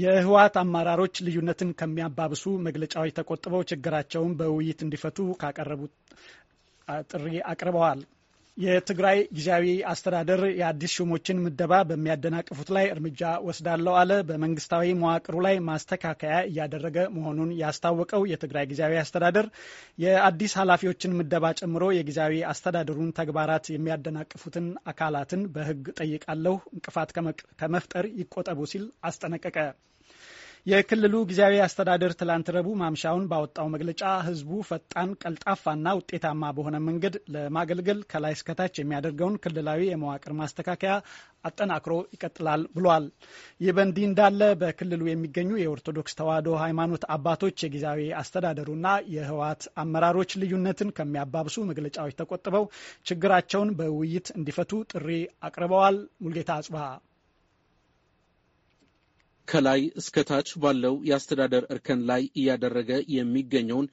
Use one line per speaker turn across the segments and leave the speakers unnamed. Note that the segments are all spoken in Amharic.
የህወሀት አመራሮች ልዩነትን ከሚያባብሱ መግለጫዎች ተቆጥበው ችግራቸውን በውይይት እንዲፈቱ ካቀረቡት ጥሪ አቅርበዋል። የትግራይ ጊዜያዊ አስተዳደር የአዲስ ሹሞችን ምደባ በሚያደናቅፉት ላይ እርምጃ ወስዳለው አለ። በመንግስታዊ መዋቅሩ ላይ ማስተካከያ እያደረገ መሆኑን ያስታወቀው የትግራይ ጊዜያዊ አስተዳደር የአዲስ ኃላፊዎችን ምደባ ጨምሮ የጊዜያዊ አስተዳደሩን ተግባራት የሚያደናቅፉትን አካላትን በሕግ ጠይቃለሁ፣ እንቅፋት ከመፍጠር ይቆጠቡ ሲል አስጠነቀቀ። የክልሉ ጊዜያዊ አስተዳደር ትላንት ረቡዕ ማምሻውን ባወጣው መግለጫ ህዝቡ ፈጣን፣ ቀልጣፋና ውጤታማ በሆነ መንገድ ለማገልገል ከላይ እስከታች የሚያደርገውን ክልላዊ የመዋቅር ማስተካከያ አጠናክሮ ይቀጥላል ብሏል። ይህ በእንዲህ እንዳለ በክልሉ የሚገኙ የኦርቶዶክስ ተዋሕዶ ሃይማኖት አባቶች የጊዜያዊ አስተዳደሩና የህወሓት አመራሮች ልዩነትን ከሚያባብሱ መግለጫዎች ተቆጥበው ችግራቸውን በውይይት እንዲፈቱ ጥሪ አቅርበዋል። ሙልጌታ አጽብሃ
ከላይ እስከ ታች ባለው የአስተዳደር እርከን ላይ እያደረገ የሚገኘውን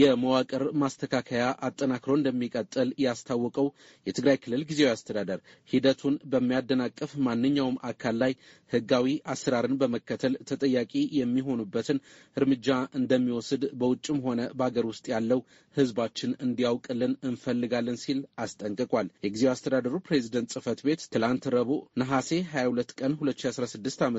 የመዋቅር ማስተካከያ አጠናክሮ እንደሚቀጥል ያስታወቀው የትግራይ ክልል ጊዜያዊ አስተዳደር ሂደቱን በሚያደናቅፍ ማንኛውም አካል ላይ ሕጋዊ አሰራርን በመከተል ተጠያቂ የሚሆኑበትን እርምጃ እንደሚወስድ በውጭም ሆነ በአገር ውስጥ ያለው ሕዝባችን እንዲያውቅልን እንፈልጋለን ሲል አስጠንቅቋል። የጊዜያዊ አስተዳደሩ ፕሬዚደንት ጽህፈት ቤት ትላንት ረቡዕ ነሐሴ 22 ቀን 2016 ዓ ም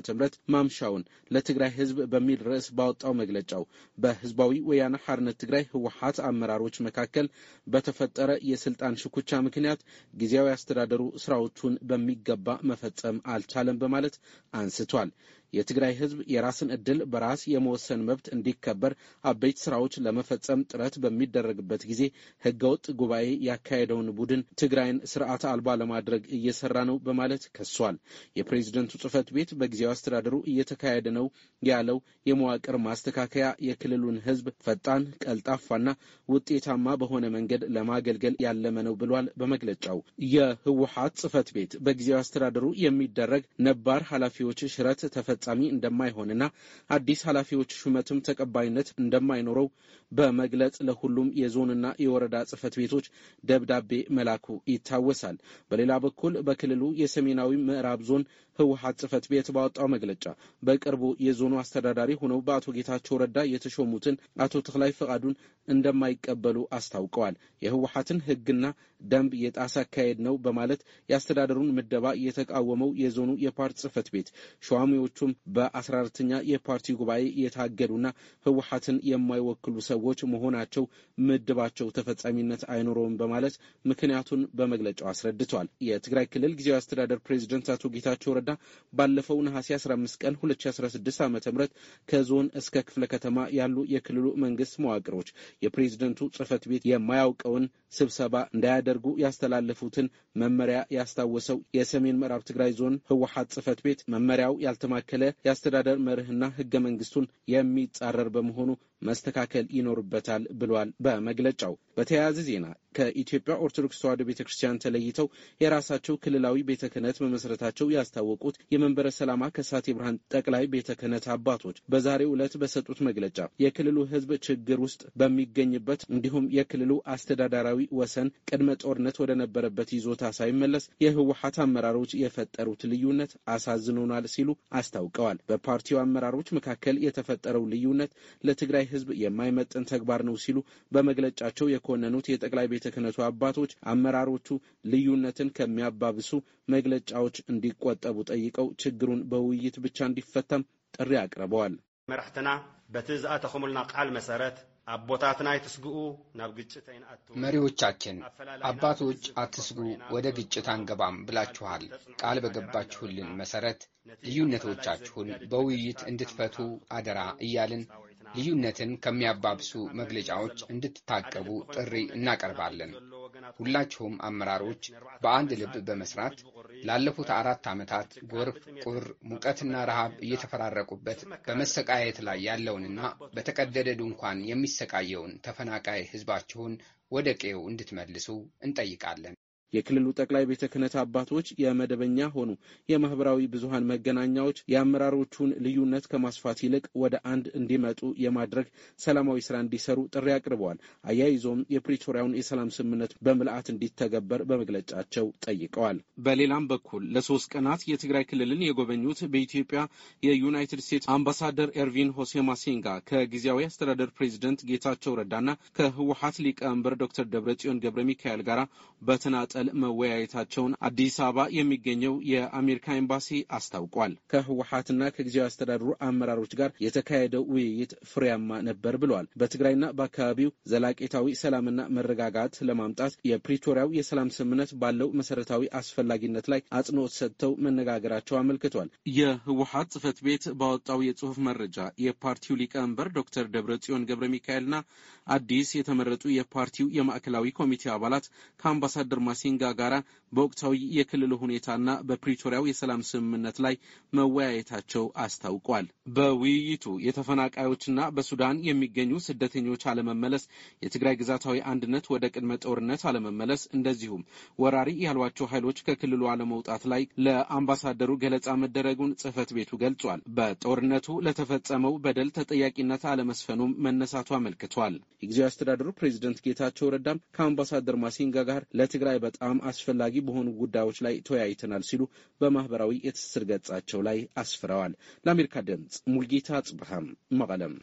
ማምሻ መግለጫውን ለትግራይ ህዝብ በሚል ርዕስ ባወጣው መግለጫው በህዝባዊ ወያነ ሐርነት ትግራይ ህወሀት አመራሮች መካከል በተፈጠረ የስልጣን ሽኩቻ ምክንያት ጊዜያዊ አስተዳደሩ ስራዎቹን በሚገባ መፈጸም አልቻለም በማለት አንስቷል። የትግራይ ህዝብ የራስን ዕድል በራስ የመወሰን መብት እንዲከበር አበይት ስራዎች ለመፈጸም ጥረት በሚደረግበት ጊዜ ህገወጥ ጉባኤ ያካሄደውን ቡድን ትግራይን ስርዓት አልባ ለማድረግ እየሰራ ነው በማለት ከሷል። የፕሬዝደንቱ ጽህፈት ቤት በጊዜው አስተዳደሩ እየተካሄደ ነው ያለው የመዋቅር ማስተካከያ የክልሉን ህዝብ ፈጣን፣ ቀልጣፋና ውጤታማ በሆነ መንገድ ለማገልገል ያለመ ነው ብሏል። በመግለጫው የህወሀት ጽህፈት ቤት በጊዜው አስተዳደሩ የሚደረግ ነባር ኃላፊዎች ሽረት ተፈ አስፈጻሚ እንደማይሆንና አዲስ ኃላፊዎች ሹመትም ተቀባይነት እንደማይኖረው በመግለጽ ለሁሉም የዞንና የወረዳ ጽህፈት ቤቶች ደብዳቤ መላኩ ይታወሳል። በሌላ በኩል በክልሉ የሰሜናዊ ምዕራብ ዞን ህወሀት ጽህፈት ቤት ባወጣው መግለጫ በቅርቡ የዞኑ አስተዳዳሪ ሆነው በአቶ ጌታቸው ረዳ የተሾሙትን አቶ ተክላይ ፈቃዱን እንደማይቀበሉ አስታውቀዋል። የህወሀትን ህግና ደንብ የጣሰ አካሄድ ነው በማለት የአስተዳደሩን ምደባ የተቃወመው የዞኑ የፓርቲ ጽህፈት ቤት ሸዋሚዎቹም በ14ኛ የፓርቲ ጉባኤ የታገዱና ህወሀትን የማይወክሉ ሰዎች መሆናቸው ምድባቸው ተፈጻሚነት አይኖረውም በማለት ምክንያቱን በመግለጫው አስረድተዋል። የትግራይ ክልል ጊዜያዊ አስተዳደር ፕሬዚደንት አቶ ጌታቸው ረዳ ወረዳ ባለፈው ነሐሴ 15 ቀን 2016 ዓ ም ከዞን እስከ ክፍለ ከተማ ያሉ የክልሉ መንግስት መዋቅሮች የፕሬዝደንቱ ጽህፈት ቤት የማያውቀውን ስብሰባ እንዳያደርጉ ያስተላለፉትን መመሪያ ያስታወሰው የሰሜን ምዕራብ ትግራይ ዞን ህወሀት ጽህፈት ቤት መመሪያው ያልተማከለ የአስተዳደር መርህና ህገ መንግስቱን የሚጻረር በመሆኑ መስተካከል ይኖርበታል ብሏል። በመግለጫው በተያያዘ ዜና ከኢትዮጵያ ኦርቶዶክስ ተዋህዶ ቤተ ክርስቲያን ተለይተው የራሳቸው ክልላዊ ቤተ ክህነት መመስረታቸው ያስታወቁ ያስታወቁት የመንበረ ሰላማ ከሳቴ ብርሃን ጠቅላይ ቤተ ክህነት አባቶች በዛሬው ዕለት በሰጡት መግለጫ የክልሉ ሕዝብ ችግር ውስጥ በሚገኝበት እንዲሁም የክልሉ አስተዳዳራዊ ወሰን ቅድመ ጦርነት ወደነበረበት ይዞታ ሳይመለስ የህወሀት አመራሮች የፈጠሩት ልዩነት አሳዝኖናል ሲሉ አስታውቀዋል። በፓርቲው አመራሮች መካከል የተፈጠረው ልዩነት ለትግራይ ህዝብ የማይመጥን ተግባር ነው ሲሉ በመግለጫቸው የኮነኑት የጠቅላይ ቤተ ክህነቱ አባቶች አመራሮቹ ልዩነትን ከሚያባብሱ መግለጫዎች እንዲቆጠቡ ጠይቀው ችግሩን በውይይት ብቻ እንዲፈታም ጥሪ አቅርበዋል።
መራሕትና በቲ ዝኣተኹምልና ቃል መሰረት አቦታትና ይትስግኡ
ናብ ግጭት አይንአቱ መሪዎቻችን አባቶች አትስጉ ወደ ግጭት አንገባም ብላችኋል። ቃል በገባችሁልን መሰረት ልዩነቶቻችሁን በውይይት እንድትፈቱ አደራ እያልን ልዩነትን ከሚያባብሱ መግለጫዎች እንድትታቀቡ ጥሪ እናቀርባለን። ሁላችሁም አመራሮች በአንድ ልብ በመስራት ላለፉት አራት ዓመታት ጎርፍ፣ ቁር፣ ሙቀትና ረሃብ እየተፈራረቁበት በመሰቃየት ላይ ያለውንና በተቀደደ ድንኳን የሚሰቃየውን ተፈናቃይ ሕዝባችሁን ወደ ቀዬው እንድትመልሱ እንጠይቃለን። የክልሉ ጠቅላይ ቤተ ክህነት አባቶች የመደበኛ ሆኑ የማህበራዊ ብዙሃን መገናኛዎች የአመራሮቹን ልዩነት ከማስፋት ይልቅ ወደ አንድ እንዲመጡ የማድረግ ሰላማዊ ስራ እንዲሰሩ ጥሪ አቅርበዋል። አያይዞም የፕሪቶሪያውን የሰላም ስምምነት በምልአት እንዲተገበር በመግለጫቸው ጠይቀዋል። በሌላም በኩል ለሶስት ቀናት የትግራይ ክልልን የጎበኙት በኢትዮጵያ የዩናይትድ ስቴትስ አምባሳደር ኤርቪን ሆሴ ማሲንጋ ከጊዜያዊ አስተዳደር ፕሬዚደንት ጌታቸው ረዳና ከህወሀት ሊቀመንበር ዶክተር ደብረጽዮን ገብረ ሚካኤል ጋር በተናጠ በመቀጠል መወያየታቸውን አዲስ አበባ የሚገኘው የአሜሪካ ኤምባሲ አስታውቋል። ከህወሀትና ከጊዜያዊ አስተዳደሩ አመራሮች ጋር የተካሄደው ውይይት ፍሬያማ ነበር ብለዋል። በትግራይና በአካባቢው ዘላቂታዊ ሰላምና መረጋጋት ለማምጣት የፕሪቶሪያው የሰላም ስምምነት ባለው መሰረታዊ አስፈላጊነት ላይ አጽንኦት ሰጥተው መነጋገራቸው አመልክቷል። የህወሀት ጽህፈት ቤት ባወጣው የጽሁፍ መረጃ የፓርቲው ሊቀመንበር ዶክተር ደብረጽዮን ገብረ ሚካኤልና አዲስ የተመረጡ የፓርቲው የማዕከላዊ ኮሚቴ አባላት ከአምባሳደር ማሲ ኪንጋ ጋራ በወቅታዊ የክልሉ ሁኔታና በፕሪቶሪያው የሰላም ስምምነት ላይ መወያየታቸው አስታውቋል። በውይይቱ የተፈናቃዮችና በሱዳን የሚገኙ ስደተኞች አለመመለስ፣ የትግራይ ግዛታዊ አንድነት ወደ ቅድመ ጦርነት አለመመለስ፣ እንደዚሁም ወራሪ ያሏቸው ኃይሎች ከክልሉ አለመውጣት ላይ ለአምባሳደሩ ገለጻ መደረጉን ጽህፈት ቤቱ ገልጿል። በጦርነቱ ለተፈጸመው በደል ተጠያቂነት አለመስፈኑም መነሳቱ አመልክቷል። የጊዜያዊ አስተዳደሩ ፕሬዚደንት ጌታቸው ረዳም ከአምባሳደር ማሲንጋ ጋር ለትግራይ በጣ በጣም አስፈላጊ በሆኑ ጉዳዮች ላይ ተወያይተናል ሲሉ በማህበራዊ የትስስር ገጻቸው ላይ አስፍረዋል። ለአሜሪካ ድምፅ ሙልጌታ ጽብሃም መቀለም